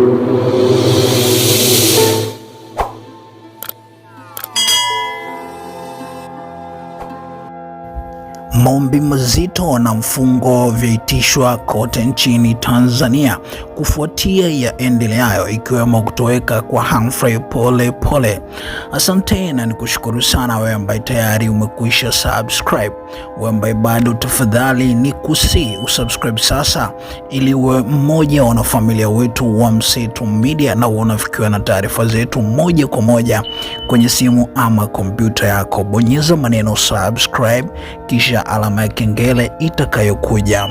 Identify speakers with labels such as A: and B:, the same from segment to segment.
A: Thank you. maombi mazito na mfungo vyaitishwa kote nchini Tanzania kufuatia ya endeleayo ikiwemo kutoweka kwa Humphrey Pole Pole. Asante na nikushukuru sana wewe ambaye tayari umekwisha subscribe. Wewe ambaye bado, tafadhali ni kusi usubscribe sasa, ili uwe mmoja wa wanafamilia wetu wa Mseto Media na unafikiwa na taarifa zetu moja kwa moja kwenye simu ama kompyuta yako. Bonyeza maneno subscribe kisha ala alama ya kengele itakayokuja.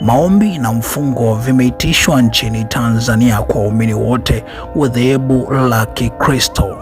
A: Maombi na mfungo vimeitishwa nchini Tanzania kwa waumini wote wa dhehebu la Kikristo.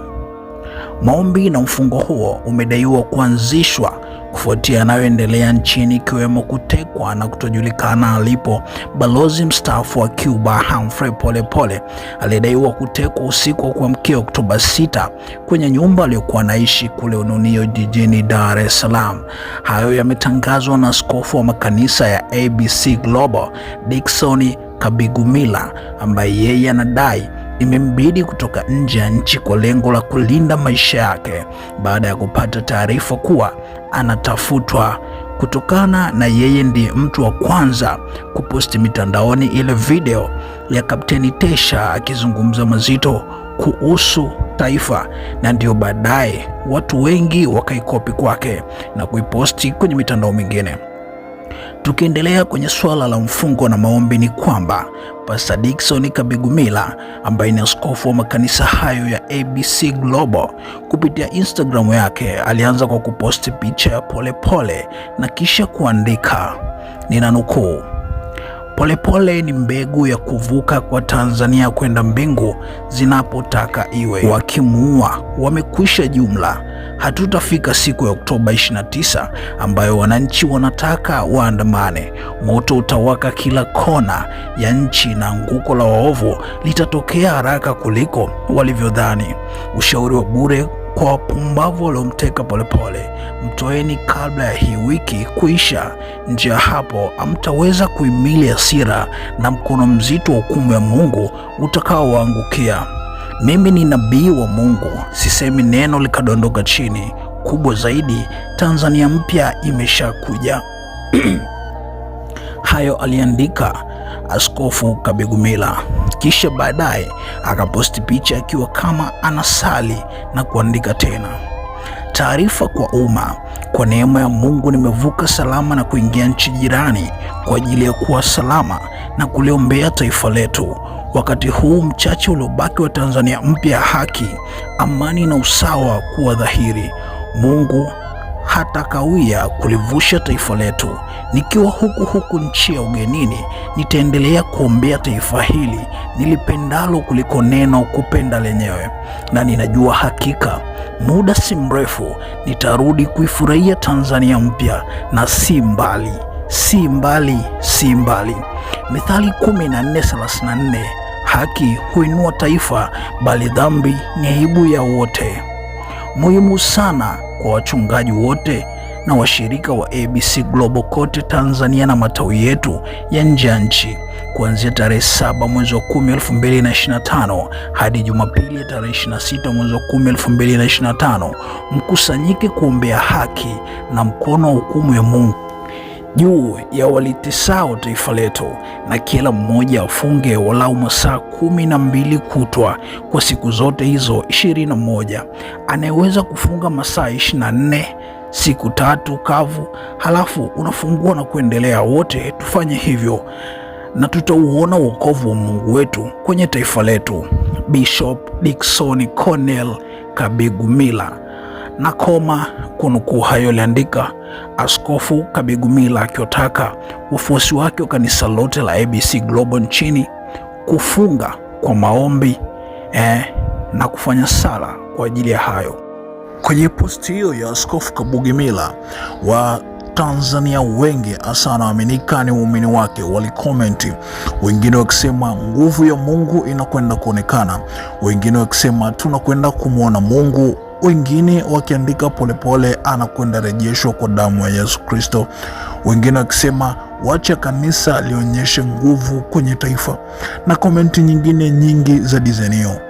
A: Maombi na mfungo huo umedaiwa kuanzishwa kufuatia yanayoendelea nchini ikiwemo kutekwa na kutojulikana alipo balozi mstaafu wa Cuba Humphrey Polepole aliyedaiwa kutekwa usiku wa kuamkia Oktoba 6 kwenye nyumba aliyokuwa anaishi kule Ununio jijini Dar es Salaam. Hayo yametangazwa na askofu wa makanisa ya ABC Global Dickson Kabigumila ambaye yeye anadai imembidi kutoka nje ya nchi kwa lengo la kulinda maisha yake baada ya kupata taarifa kuwa anatafutwa kutokana na yeye ndiye mtu wa kwanza kuposti mitandaoni ile video ya Kapteni Tesha akizungumza mazito kuhusu taifa, na ndiyo baadaye watu wengi wakaikopi kwake na kuiposti kwenye mitandao mingine. Tukiendelea kwenye swala la mfungo na maombi, ni kwamba Pastor Dickson Kabigumila ambaye ni askofu wa makanisa hayo ya ABC Global, kupitia Instagram yake alianza kwa kuposti picha ya polepole pole, na kisha kuandika ninanukuu Polepole ni mbegu ya kuvuka kwa Tanzania kwenda mbingu zinapotaka iwe. Wakimuua wamekwisha jumla. Hatutafika siku ya Oktoba 29 ambayo wananchi wanataka waandamane. Moto utawaka kila kona ya nchi na anguko la waovu litatokea haraka kuliko walivyodhani. Ushauri wa bure kwa wapumbavu waliomteka Polepole. Mtoeni kabla ya hii wiki kuisha, njia hapo amtaweza kuimili hasira na mkono mzito wa hukumu ya Mungu utakaowaangukia. Mimi ni nabii wa Mungu, sisemi neno likadondoka chini. Kubwa zaidi, Tanzania mpya imeshakuja. Hayo aliandika Askofu Kabegumila, kisha baadaye akaposti picha akiwa kama anasali na kuandika tena taarifa kwa umma: kwa neema ya Mungu nimevuka salama na kuingia nchi jirani kwa ajili ya kuwa salama na kuliombea taifa letu. Wakati huu mchache uliobaki wa Tanzania mpya ya haki, amani na usawa kuwa dhahiri. Mungu hata kawia kulivusha taifa letu. Nikiwa huku huku nchi ya ugenini, nitaendelea kuombea taifa hili nilipendalo kuliko neno kupenda lenyewe, na ninajua hakika muda si mrefu nitarudi kuifurahia Tanzania mpya, na si mbali, si mbali, si mbali. Mithali 14:34 haki huinua taifa, bali dhambi ni aibu ya wote muhimu sana kwa wachungaji wote na washirika wa ABC Global kote Tanzania na matawi yetu ya nje ya nchi kuanzia tarehe 7 mwezi wa 10 2025 hadi Jumapili ya tarehe 26 mwezi wa 10 2025, mkusanyike kuombea haki na mkono wa hukumu ya Mungu juu ya walitesao taifa letu, na kila mmoja afunge walau masaa kumi na mbili kutwa kwa siku zote hizo ishirini na moja. Anayeweza kufunga masaa ishirini na nne siku tatu kavu, halafu unafungua na kuendelea. Wote tufanye hivyo na tutauona wokovu wa Mungu wetu kwenye taifa letu. Bishop Dickson Cornell kabigumila na koma kunukuu hayo aliandika Askofu Kabigumila akiotaka wafuasi wake wa kanisa lote la ABC Global nchini kufunga kwa maombi eh, na kufanya sala kwa ajili ya hayo. Kwenye posti hiyo ya Askofu Kabugimila wa Tanzania wengi hasa anaaminika ni waumini wake walikomenti, wengine wakisema nguvu ya Mungu inakwenda kuonekana, wengine wakisema tunakwenda kumwona Mungu wengine wakiandika polepole anakwenda rejeshwa kwa damu ya Yesu Kristo, wengine wakisema wacha kanisa lionyeshe nguvu kwenye taifa, na komenti nyingine nyingi za design hiyo,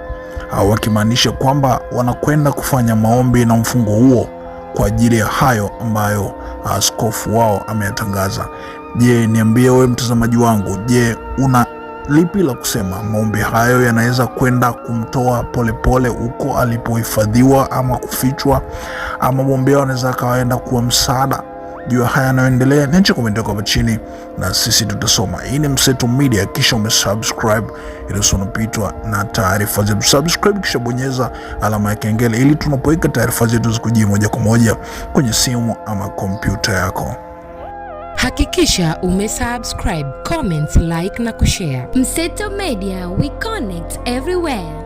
A: wakimaanisha kwamba wanakwenda kufanya maombi na mfungo huo kwa ajili ya hayo ambayo askofu wao ameyatangaza. Je, niambie wewe mtazamaji wangu, je, una lipi la kusema. Maombi hayo yanaweza kwenda kumtoa polepole huko alipohifadhiwa ama kufichwa, ama mwombea anaweza akawaenda kuwa msaada juu ya haya yanayoendelea. Niache komenti yako chini na sisi tutasoma. Hii ni Mseto Media, kisha umesubscribe ili usionopitwa na taarifa zetu. Subscribe kisha bonyeza alama ya kengele ili tunapoweka taarifa zetu zikujie moja kwa moja kwenye simu ama kompyuta yako. Hakikisha ume subscribe comment, like na kushare. Mseto Media, we connect everywhere.